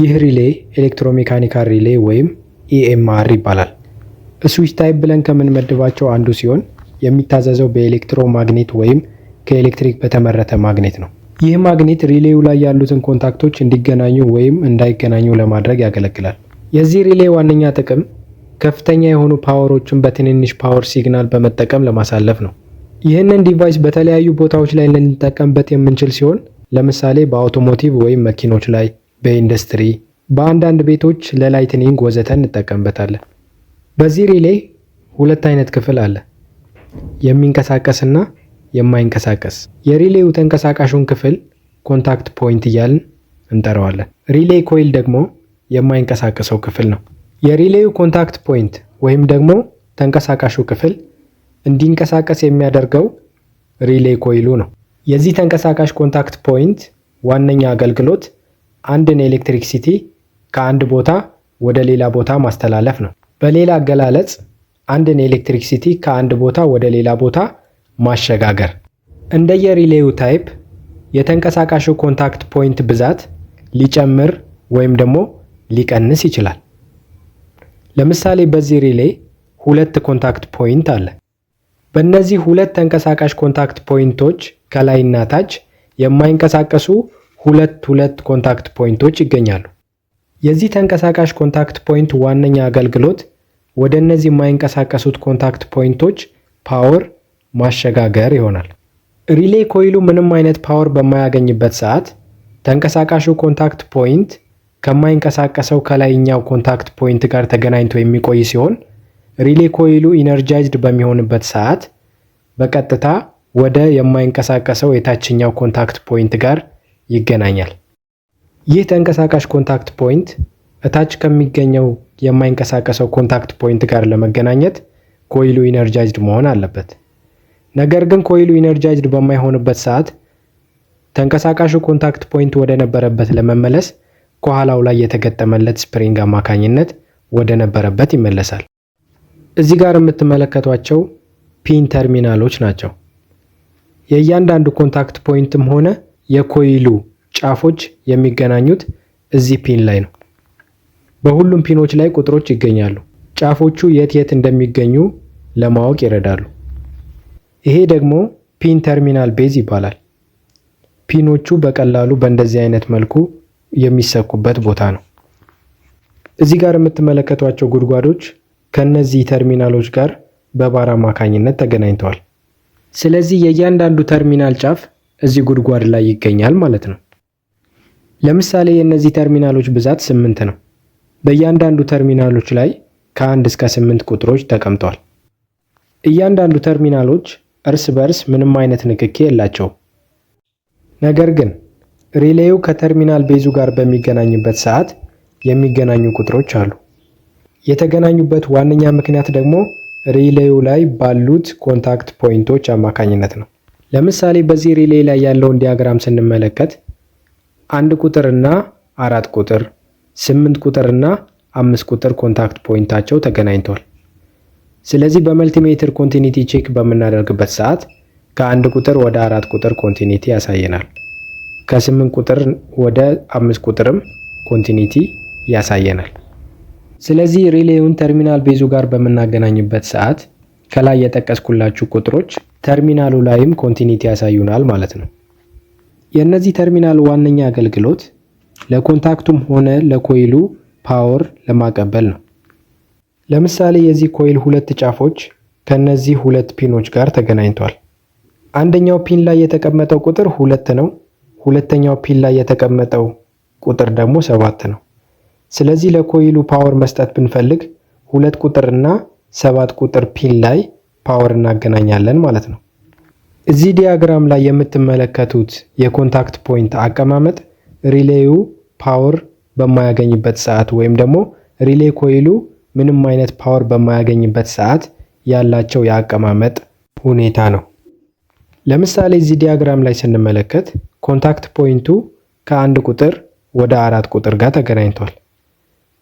ይህ ሪሌ ኤሌክትሮሜካኒካል ሪሌ ወይም ኢኤምአር e ይባላል። ስዊች ታይፕ ብለን ከምንመድባቸው አንዱ ሲሆን የሚታዘዘው በኤሌክትሮ ማግኔት ወይም ከኤሌክትሪክ በተመረተ ማግኔት ነው። ይህ ማግኔት ሪሌው ላይ ያሉትን ኮንታክቶች እንዲገናኙ ወይም እንዳይገናኙ ለማድረግ ያገለግላል። የዚህ ሪሌ ዋነኛ ጥቅም ከፍተኛ የሆኑ ፓወሮችን በትንንሽ ፓወር ሲግናል በመጠቀም ለማሳለፍ ነው። ይህንን ዲቫይስ በተለያዩ ቦታዎች ላይ ልንጠቀምበት የምንችል ሲሆን ለምሳሌ በአውቶሞቲቭ ወይም መኪኖች ላይ በኢንዱስትሪ፣ በአንዳንድ ቤቶች ለላይትኒንግ ወዘተ እንጠቀምበታለን። በዚህ ሪሌ ሁለት አይነት ክፍል አለ፣ የሚንቀሳቀስና የማይንቀሳቀስ። የሪሌው ተንቀሳቃሹን ክፍል ኮንታክት ፖይንት እያልን እንጠራዋለን። ሪሌ ኮይል ደግሞ የማይንቀሳቀሰው ክፍል ነው። የሪሌው ኮንታክት ፖይንት ወይም ደግሞ ተንቀሳቃሹ ክፍል እንዲንቀሳቀስ የሚያደርገው ሪሌ ኮይሉ ነው። የዚህ ተንቀሳቃሽ ኮንታክት ፖይንት ዋነኛ አገልግሎት አንድን ኤሌክትሪክ ሲቲ ከአንድ ቦታ ወደ ሌላ ቦታ ማስተላለፍ ነው። በሌላ አገላለጽ አንድን ኤሌክትሪክ ሲቲ ከአንድ ቦታ ወደ ሌላ ቦታ ማሸጋገር። እንደየሪሌዩ ታይፕ የተንቀሳቃሹ ኮንታክት ፖይንት ብዛት ሊጨምር ወይም ደግሞ ሊቀንስ ይችላል። ለምሳሌ በዚህ ሪሌ ሁለት ኮንታክት ፖይንት አለ። በእነዚህ ሁለት ተንቀሳቃሽ ኮንታክት ፖይንቶች ከላይና ታች የማይንቀሳቀሱ ሁለት ሁለት ኮንታክት ፖይንቶች ይገኛሉ። የዚህ ተንቀሳቃሽ ኮንታክት ፖይንት ዋነኛ አገልግሎት ወደ እነዚህ የማይንቀሳቀሱት ኮንታክት ፖይንቶች ፓወር ማሸጋገር ይሆናል። ሪሌ ኮይሉ ምንም አይነት ፓወር በማያገኝበት ሰዓት ተንቀሳቃሹ ኮንታክት ፖይንት ከማይንቀሳቀሰው ከላይኛው ኮንታክት ፖይንት ጋር ተገናኝቶ የሚቆይ ሲሆን ሪሌ ኮይሉ ኢነርጃይዝድ በሚሆንበት ሰዓት በቀጥታ ወደ የማይንቀሳቀሰው የታችኛው ኮንታክት ፖይንት ጋር ይገናኛል። ይህ ተንቀሳቃሽ ኮንታክት ፖይንት እታች ከሚገኘው የማይንቀሳቀሰው ኮንታክት ፖይንት ጋር ለመገናኘት ኮይሉ ኢነርጃይዝድ መሆን አለበት። ነገር ግን ኮይሉ ኢነርጃይዝድ በማይሆንበት ሰዓት ተንቀሳቃሹ ኮንታክት ፖይንት ወደ ነበረበት ለመመለስ ከኋላው ላይ የተገጠመለት ስፕሪንግ አማካኝነት ወደ ነበረበት ይመለሳል። እዚህ ጋር የምትመለከቷቸው ፒን ተርሚናሎች ናቸው። የእያንዳንዱ ኮንታክት ፖይንትም ሆነ የኮይሉ ጫፎች የሚገናኙት እዚህ ፒን ላይ ነው። በሁሉም ፒኖች ላይ ቁጥሮች ይገኛሉ። ጫፎቹ የት የት እንደሚገኙ ለማወቅ ይረዳሉ። ይሄ ደግሞ ፒን ተርሚናል ቤዝ ይባላል። ፒኖቹ በቀላሉ በእንደዚህ አይነት መልኩ የሚሰኩበት ቦታ ነው። እዚህ ጋር የምትመለከቷቸው ጉድጓዶች ከእነዚህ ተርሚናሎች ጋር በባር አማካኝነት ተገናኝተዋል። ስለዚህ የእያንዳንዱ ተርሚናል ጫፍ እዚህ ጉድጓድ ላይ ይገኛል ማለት ነው። ለምሳሌ የእነዚህ ተርሚናሎች ብዛት ስምንት ነው። በእያንዳንዱ ተርሚናሎች ላይ ከአንድ እስከ ስምንት ቁጥሮች ተቀምጠዋል። እያንዳንዱ ተርሚናሎች እርስ በርስ ምንም አይነት ንክኪ የላቸውም። ነገር ግን ሪሌዩ ከተርሚናል ቤዙ ጋር በሚገናኝበት ሰዓት የሚገናኙ ቁጥሮች አሉ። የተገናኙበት ዋነኛ ምክንያት ደግሞ ሪሌዩ ላይ ባሉት ኮንታክት ፖይንቶች አማካኝነት ነው። ለምሳሌ በዚህ ሪሌ ላይ ያለውን ዲያግራም ስንመለከት አንድ ቁጥር እና አራት ቁጥር፣ ስምንት ቁጥር እና አምስት ቁጥር ኮንታክት ፖይንታቸው ተገናኝቷል። ስለዚህ በመልቲሜትር ኮንቲኒቲ ቼክ በምናደርግበት ሰዓት ከአንድ ቁጥር ወደ አራት ቁጥር ኮንቲኒቲ ያሳየናል። ከስምንት ቁጥር ወደ አምስት ቁጥርም ኮንቲኒቲ ያሳየናል። ስለዚህ ሪሌውን ተርሚናል ቤዙ ጋር በምናገናኝበት ሰዓት ከላይ የጠቀስኩላችሁ ቁጥሮች ተርሚናሉ ላይም ኮንቲኒቲ ያሳዩናል ማለት ነው። የእነዚህ ተርሚናል ዋነኛ አገልግሎት ለኮንታክቱም ሆነ ለኮይሉ ፓወር ለማቀበል ነው። ለምሳሌ የዚህ ኮይል ሁለት ጫፎች ከነዚህ ሁለት ፒኖች ጋር ተገናኝቷል። አንደኛው ፒን ላይ የተቀመጠው ቁጥር ሁለት ነው። ሁለተኛው ፒን ላይ የተቀመጠው ቁጥር ደግሞ ሰባት ነው። ስለዚህ ለኮይሉ ፓወር መስጠት ብንፈልግ ሁለት ቁጥርና ሰባት ቁጥር ፒን ላይ ፓወር እናገናኛለን ማለት ነው። እዚህ ዲያግራም ላይ የምትመለከቱት የኮንታክት ፖይንት አቀማመጥ ሪሌዩ ፓወር በማያገኝበት ሰዓት ወይም ደግሞ ሪሌ ኮይሉ ምንም አይነት ፓወር በማያገኝበት ሰዓት ያላቸው የአቀማመጥ ሁኔታ ነው። ለምሳሌ እዚህ ዲያግራም ላይ ስንመለከት ኮንታክት ፖይንቱ ከአንድ ቁጥር ወደ አራት ቁጥር ጋር ተገናኝቷል።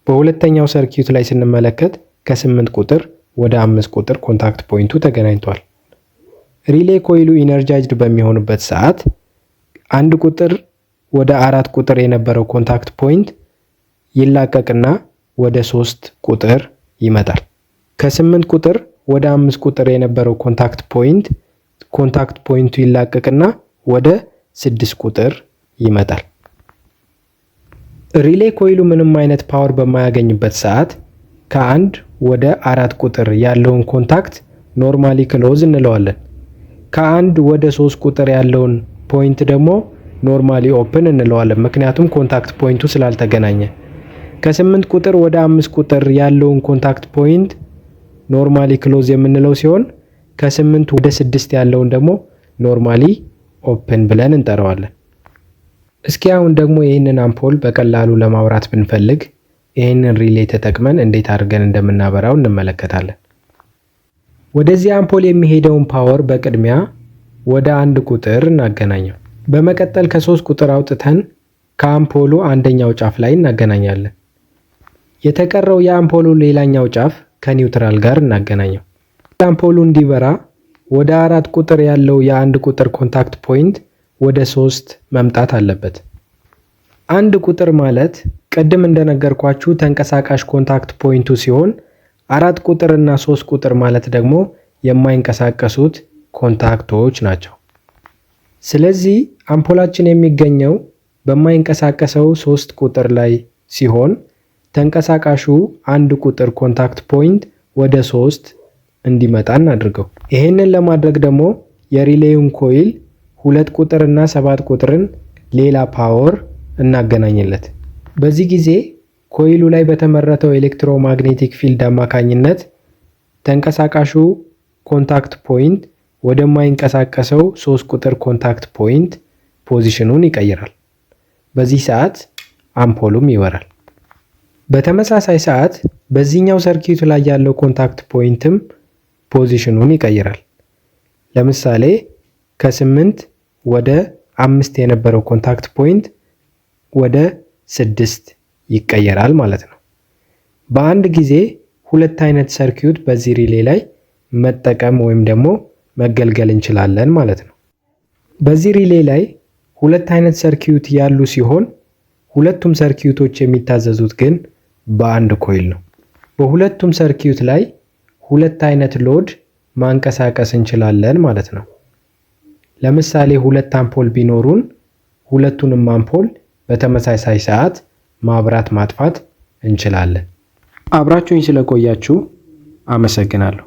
በሁለተኛው ሰርኪዩት ላይ ስንመለከት ከስምንት ቁጥር ወደ አምስት ቁጥር ኮንታክት ፖይንቱ ተገናኝቷል። ሪሌ ኮይሉ ኢነርጃይዝድ በሚሆንበት ሰዓት አንድ ቁጥር ወደ አራት ቁጥር የነበረው ኮንታክት ፖይንት ይላቀቅና ወደ ሶስት ቁጥር ይመጣል። ከስምንት ቁጥር ወደ አምስት ቁጥር የነበረው ኮንታክት ፖይንት ኮንታክት ፖይንቱ ይላቀቅና ወደ ስድስት ቁጥር ይመጣል። ሪሌ ኮይሉ ምንም አይነት ፓወር በማያገኝበት ሰዓት ከአንድ ወደ አራት ቁጥር ያለውን ኮንታክት ኖርማሊ ክሎዝ እንለዋለን። ከአንድ ወደ ሶስት ቁጥር ያለውን ፖይንት ደግሞ ኖርማሊ ኦፕን እንለዋለን፣ ምክንያቱም ኮንታክት ፖይንቱ ስላልተገናኘ። ከስምንት ቁጥር ወደ አምስት ቁጥር ያለውን ኮንታክት ፖይንት ኖርማሊ ክሎዝ የምንለው ሲሆን ከስምንት ወደ ስድስት ያለውን ደግሞ ኖርማሊ ኦፕን ብለን እንጠራዋለን። እስኪ አሁን ደግሞ ይህንን አምፖል በቀላሉ ለማውራት ብንፈልግ ይህንን ሪሌ ተጠቅመን እንዴት አድርገን እንደምናበራው እንመለከታለን። ወደዚህ አምፖል የሚሄደውን ፓወር በቅድሚያ ወደ አንድ ቁጥር እናገናኘው። በመቀጠል ከሶስት ቁጥር አውጥተን ከአምፖሉ አንደኛው ጫፍ ላይ እናገናኛለን። የተቀረው የአምፖሉ ሌላኛው ጫፍ ከኒውትራል ጋር እናገናኘው። አምፖሉ እንዲበራ ወደ አራት ቁጥር ያለው የአንድ ቁጥር ኮንታክት ፖይንት ወደ ሶስት መምጣት አለበት። አንድ ቁጥር ማለት ቅድም እንደነገርኳችሁ ተንቀሳቃሽ ኮንታክት ፖይንቱ ሲሆን አራት ቁጥር እና ሶስት ቁጥር ማለት ደግሞ የማይንቀሳቀሱት ኮንታክቶች ናቸው። ስለዚህ አምፖላችን የሚገኘው በማይንቀሳቀሰው ሶስት ቁጥር ላይ ሲሆን ተንቀሳቃሹ አንድ ቁጥር ኮንታክት ፖይንት ወደ ሶስት እንዲመጣ እናድርገው። ይህንን ለማድረግ ደግሞ የሪሌዩን ኮይል ሁለት ቁጥር እና ሰባት ቁጥርን ሌላ ፓወር እናገናኝለት። በዚህ ጊዜ ኮይሉ ላይ በተመረተው ኤሌክትሮማግኔቲክ ፊልድ አማካኝነት ተንቀሳቃሹ ኮንታክት ፖይንት ወደማይንቀሳቀሰው ሶስት ቁጥር ኮንታክት ፖይንት ፖዚሽኑን ይቀይራል። በዚህ ሰዓት አምፖሉም ይበራል። በተመሳሳይ ሰዓት በዚህኛው ሰርኪቱ ላይ ያለው ኮንታክት ፖይንትም ፖዚሽኑን ይቀይራል። ለምሳሌ ከስምንት ወደ አምስት የነበረው ኮንታክት ፖይንት ወደ ስድስት ይቀየራል ማለት ነው። በአንድ ጊዜ ሁለት አይነት ሰርኪዩት በዚህ ሪሌ ላይ መጠቀም ወይም ደግሞ መገልገል እንችላለን ማለት ነው። በዚህ ሪሌ ላይ ሁለት አይነት ሰርኪዩት ያሉ ሲሆን ሁለቱም ሰርኪዩቶች የሚታዘዙት ግን በአንድ ኮይል ነው። በሁለቱም ሰርኪዩት ላይ ሁለት አይነት ሎድ ማንቀሳቀስ እንችላለን ማለት ነው። ለምሳሌ ሁለት አምፖል ቢኖሩን ሁለቱንም አምፖል በተመሳሳይ ሰዓት ማብራት ማጥፋት እንችላለን። አብራችሁኝ ስለቆያችሁ አመሰግናለሁ።